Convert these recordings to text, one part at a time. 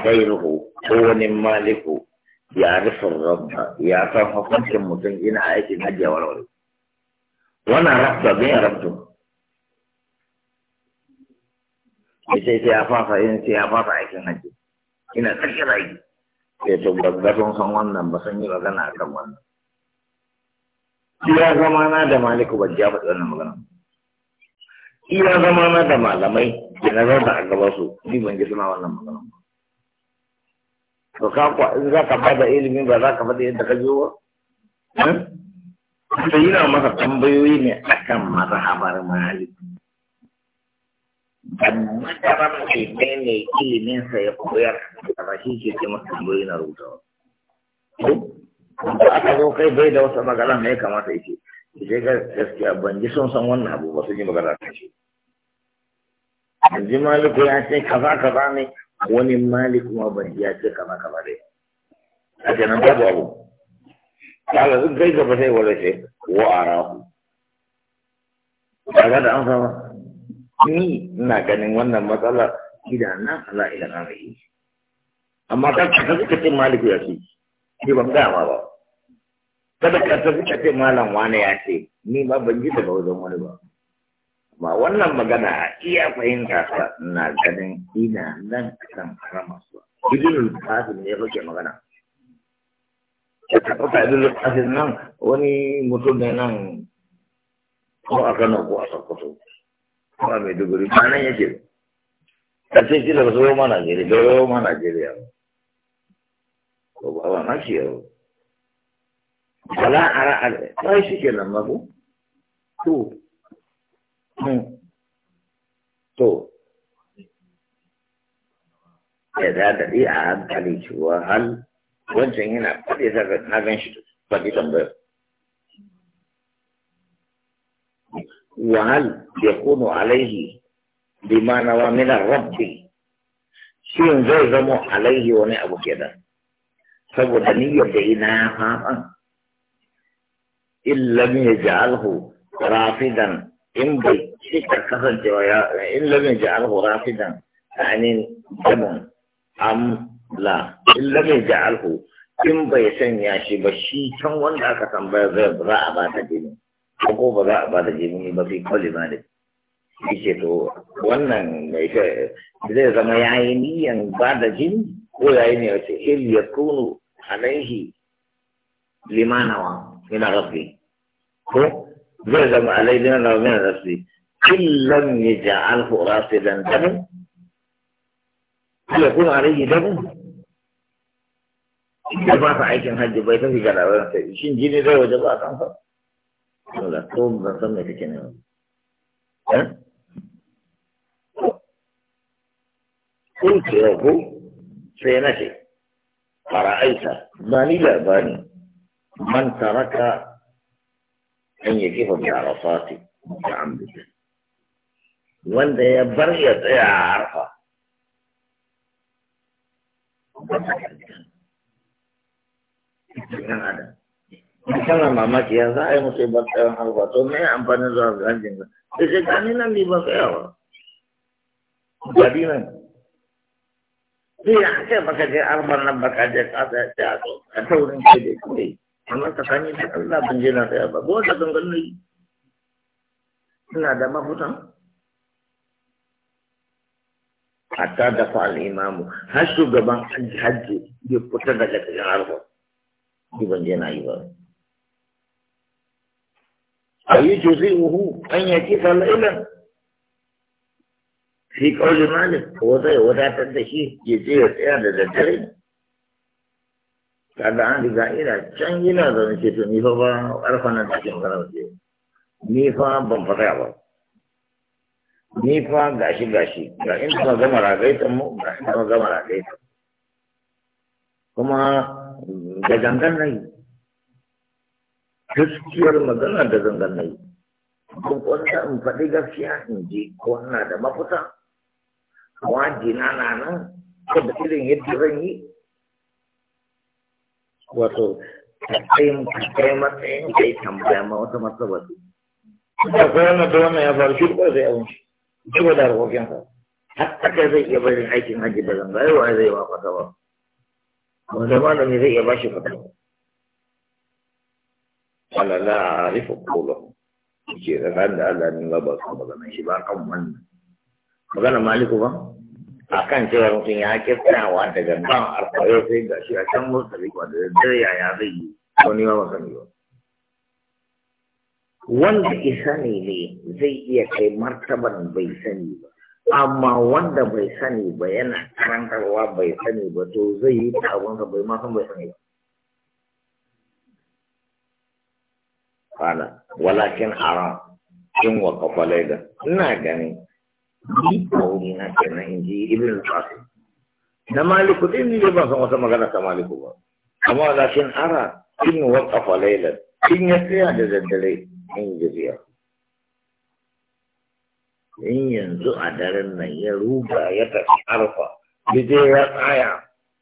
غيره هو مالك يعرف الرب يعرف حكمة المتن إن آية النجاة والولد وانا رب بين ربته sai sai ya fafa yin sai ya fafa aikin hajji ina tsakiyar aiki sai to babba san wannan ba yi magana a kan wannan iya zama na da maliku ba ya faɗi wannan magana iya zama na da malamai da nazar da a gaba su ni ban ji suna wannan magana to ka kwa in za ka bada ilimin ba za ka bada yadda ka zo ba sai eh? yana masa tambayoyi ne akan mazhabar malik dan madaran ne ne ilimin sa ya koyar da shi ke ce masa tambayoyi na ba a aka zo kai bai da wata magana ne kamata yake sai ga gaskiya ban ji sun san wannan abu ba su ji magana ta ce yanzu maliku ya ce kaza kaza ne wani mali kuma ban ya ce kama kama dai a kenan babu abu kaga in kai gaba sai wanda ce wa arahu kaga da an fama ni ina ganin wannan matsala idana ala ila na mai amma ka ka suka ce maliku ya ce ni ban ga ma ba kada ka suka ce malam wani ya ce ni ba ban ji daga wajen wani ba ba wannan magana a iya fahimta ta na ganin ina nan kan harama su ibnul qasim ne yake magana ka ɗauka ibnul qasim nan wani mutum ne nan ko a Kano ko a Sokoto ko a Maiduguri ba nan yake ka ce shi daga Roma Najeriya daga Roma Najeriya ko ba wa na shi yau wala ara ara sai shi kenan mako to Hmm. to اذا za ta yi a hankali cewa hal wancan yana faɗi ta na gan وهل يكون عليه بما نوى من الرب شيء زي زمو عليه وني أبو كده فقد نية بإناها إن لم يجعله رافدا إن بي iskar kasancewa ya in lamin ja'al hu rafidan ta'anin daban am la in lamin ja'al alhu in bai sanya shi ba shi can wanda aka tambaya zai za a ba ta jini ko ba za a ba ta jini ba fi kwali ba da yake to wannan mai zai zama yayi niyan ba da jini ko yayi ne wace il yakunu alaihi limanawa yana rafi ko zai zama alaihi limanawa min rafi إن لم يجعله راسلا دما هل يكون عليه دم؟ إذا ما فعيكم هدي بيتا في جلالة شين جيني ذا وجب أتنفر ولا توم بنصمي في كنوة قلت له سينتي أرأيت باني لا باني من ترك أن يجيب بعرفات بعمدك wanda ya bar ya tsaya a harfa mamaki ya za a yi musu ban tsayon harfa to me amfanin zuwa ga da gani nan ne ba nan baka je nan baka je ka tsaya tsaya to taurin ke da amma da Allah je na tsaya ba ko da gangan ne da mafutan hatta da fa al'imamu har shugaban hajji hajji fita daga cikin harkar shi ban yi ba a yi juzi uhu an ya ci sal'ilan fi kawai malik ko zai wadatar da shi ya je ya tsaya da daddare kada an riga ina can yana zaune ce to ni fa ba arfa nan cikin garar ni fa ban fata ba ni fa gashi gashi ga inda ma gama ragaitan mu ga inda ma gama ragaitan kuma da zangan na gaskiyar magana da zangan na yi kun kwanta in faɗi gaskiya in je ko ina da mafita wajina na nan ko da irin yadda zan yi wato kai matsayin kai tambaya ma wata matsala ce. Da kwanan da wannan ya faru shi ko sai yawon shi. duk da harkokinsa hatta da zai iya barin aikin hajji da zanga yau ai zai ba fata ba wanda malami zai iya bashi fata wala la arifu qawluhu ke da ran da Allah ne ba su magana shi ba kan wannan magana maliku ba A kan cewa mutum ya kirtawa daga nan alfayo sai shi a can musa kwa da dare yaya zai yi wani ba ba sani ba wanda isa ne zai iya kai martaban bai sani ba amma wanda bai sani ba yana karantarwa bai sani ba to zai yi tabonsa bai ma san bai sani ba kwana walakin haram in wa kafalai da ina gani ni kauri na kenan in ji ibn al-qasim da maliku din ne ban san wata magana ta maliku ba amma walakin ara in wa kafalai da in ya tsaya da daddare in in yanzu a daren nan ya ruga ya tafi arfa bije ya tsaya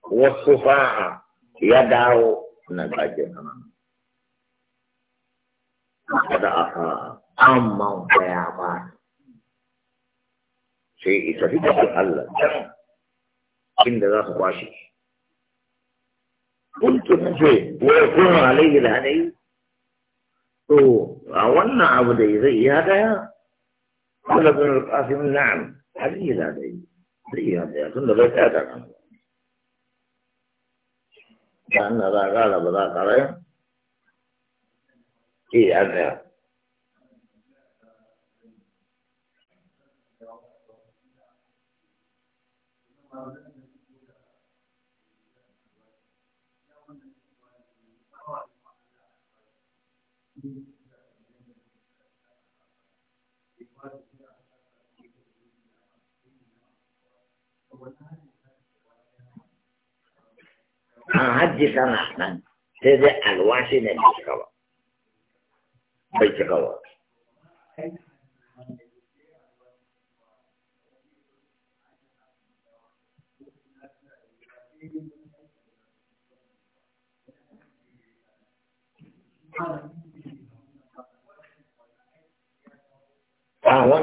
wasu fa'a ya dawo na gaje nan kada a fa'a amma ya ba sai isa fi tafi Allah inda za su kwashe kuntu na ce wa yakunu alaihi da hadayi وعوانا عبو دي ذي هذا يا قل ابن القاسم نعم حليل هذا يا ذي هذا يا كنت بيت هذا كان كان هذا قال ابو ذاك علي ايه هذا يا Thank you. an hajji sana nan sai dai alwashi ne bai cika ba bai cika ba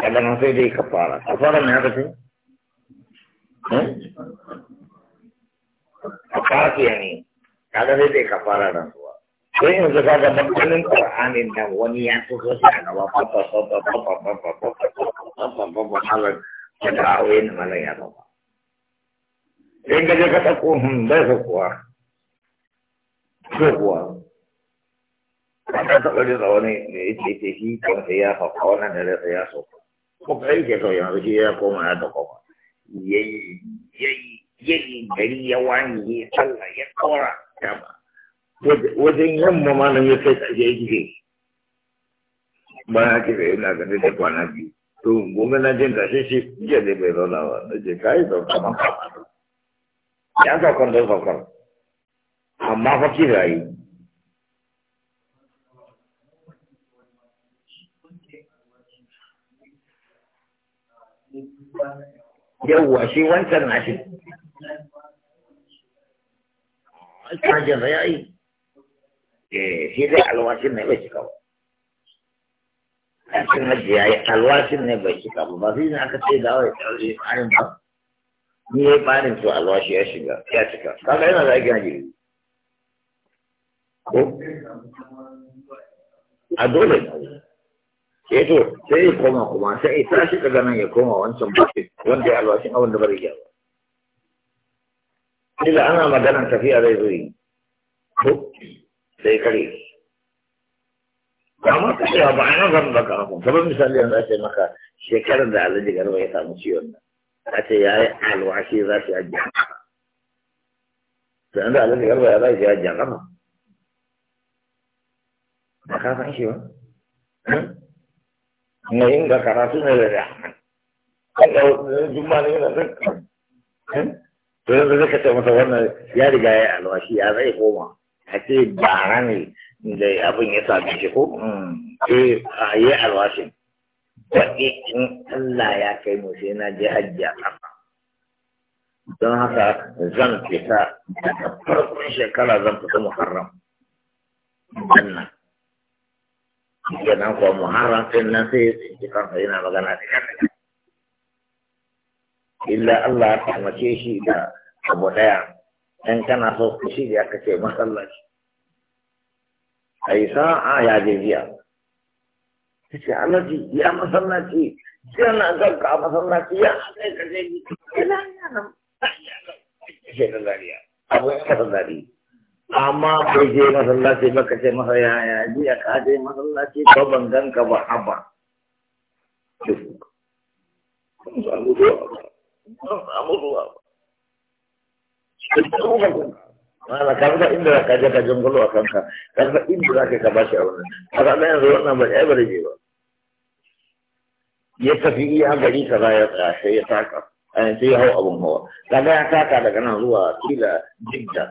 kadan sai dai kafara kafara ne haka ce kafiya ne kaga sai dai kafara nan in qur'anin wani ya fito shi a gaba papa papa papa papa papa papa papa halan da da'awai ne mala ka ba ta taɓa da wani ne ya ce shi kan sai ya ko ka yi ke so yanzu shi ya koma ya da koma yayi yayi gari ya wani ya tsalla ya kama wajen yamma malam ya kai tsaje ya gide ba ya kira yana ganin da kwana biyu to gobe na jin tashe shi jiya bai zauna ba na ce ka yi sauka man kama ya saukan don saukar amma fa kira yi yawwa shi wancan na shi alfajin ya yi eh shi dai alwashin ne bai cika ba aikin hajji ya yi alwashin ne bai cika ba ba zai ne aka ce da wai tsarki tsarin ba ni ya yi barin to alwashi ya shiga ya cika kaga yana da ake hajji ko a dole ne sai eh sai ya koma kuma sai ya tashi daga nan ya koma wancan bakin wanda ya albashin abin da bari ya ba ila ana maganan tafiya zai zo yi ko sai kare ba ma tafiya ba a nan zan baka abu sabon misali yanzu a ce maka shekarar da alhaji garba ya samu ciwon nan a ce ya yi alwashi za su yi ajiya sannan da alhaji garba ya za su yi ajiya kama ba ka san shi ba hmm? mai yin ga karatu ne da rahman kan ne juma ne da zakka to yanzu zaka ce masa wannan ya riga ya alwashi ya zai koma a ce bara ne da abin ya same shi ko a yi alwashin baɗi in Allah ya kai mu sai na je hajji a don haka zan fita daga farkon shekara zan fita muharram wannan kenan kuwa muharram din nan sai ya tsinci yana magana da kan illa Allah ya taimake shi da abu daya in kana so ku ka ce masallaci a sa sa'a ya je biya ta ce alaji ya masallaci jiya na ganka masallaci ya kai ka je biya ina abu ya kasa dariya amma bai je masallaci baka ce masa ya jiya ka je masallaci ko ban ganka ba haba samu ruwa ba samu ruwa ba mana ka ga inda ka je ka jangulo a kanka ka ga inda zaka ka bashi a wannan a ga yanzu wannan ba ya eh, bare ba ya tafi iya gari kaza ya tsaya sai ya taka yanzu ya hau abun hawa kaga ya taka daga nan zuwa kila jidda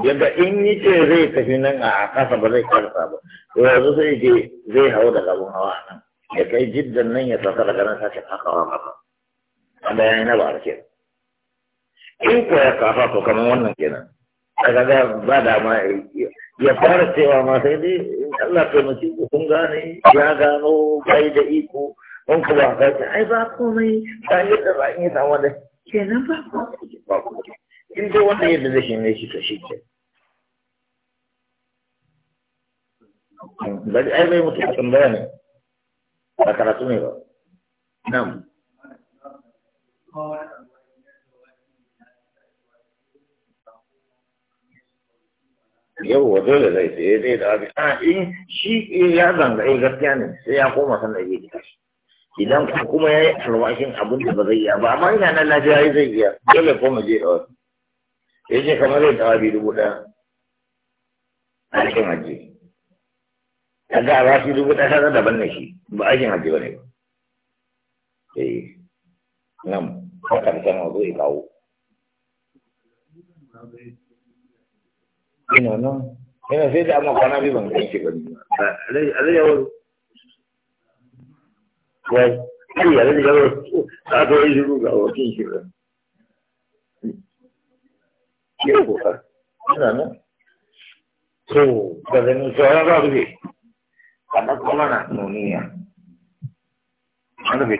yadda in yi ce zai tafi nan a kasa ba zai karsa ba to yanzu sai je zai hau da gabon hawa nan ya kai jiddan nan ya sauka daga nan sace hakawa masa wanda ya yi na bara ke in ko ya kafa to kamar wannan kenan daga ga ba da ma ya fara cewa ma sai dai Allah ta mace ku kun gane ya gano kai da iko in ku ba kai ai ba komai ba yadda ba in yi samu da kenan ba ku in dai wannan yadda zai shi ne shi to shi ke bari ai bai mutu a tambaya ne ba karatu ne ba nan yau wa dole zai tsaye zai da abin a in shi ya zanga ai eh, gaskiya ne sai ya koma san da yi kashi idan kuma ya yi alwashin abin da ba zai iya ba amma ina nan lafiya zai iya dole koma je da wasu ya ce kamar zai tawa bi dubu ɗaya a rafi dubu ɗaya kaga daban na shi ba aikin hajji ba ne ba eh nan da sama ya kawo ina nan yana sai da amma kwana biyu ban shi ba ne alai yawon wai har da yawon a yi shiru ga wakil ke kokar ina nan to da zanen sauran za su kuma na nuniya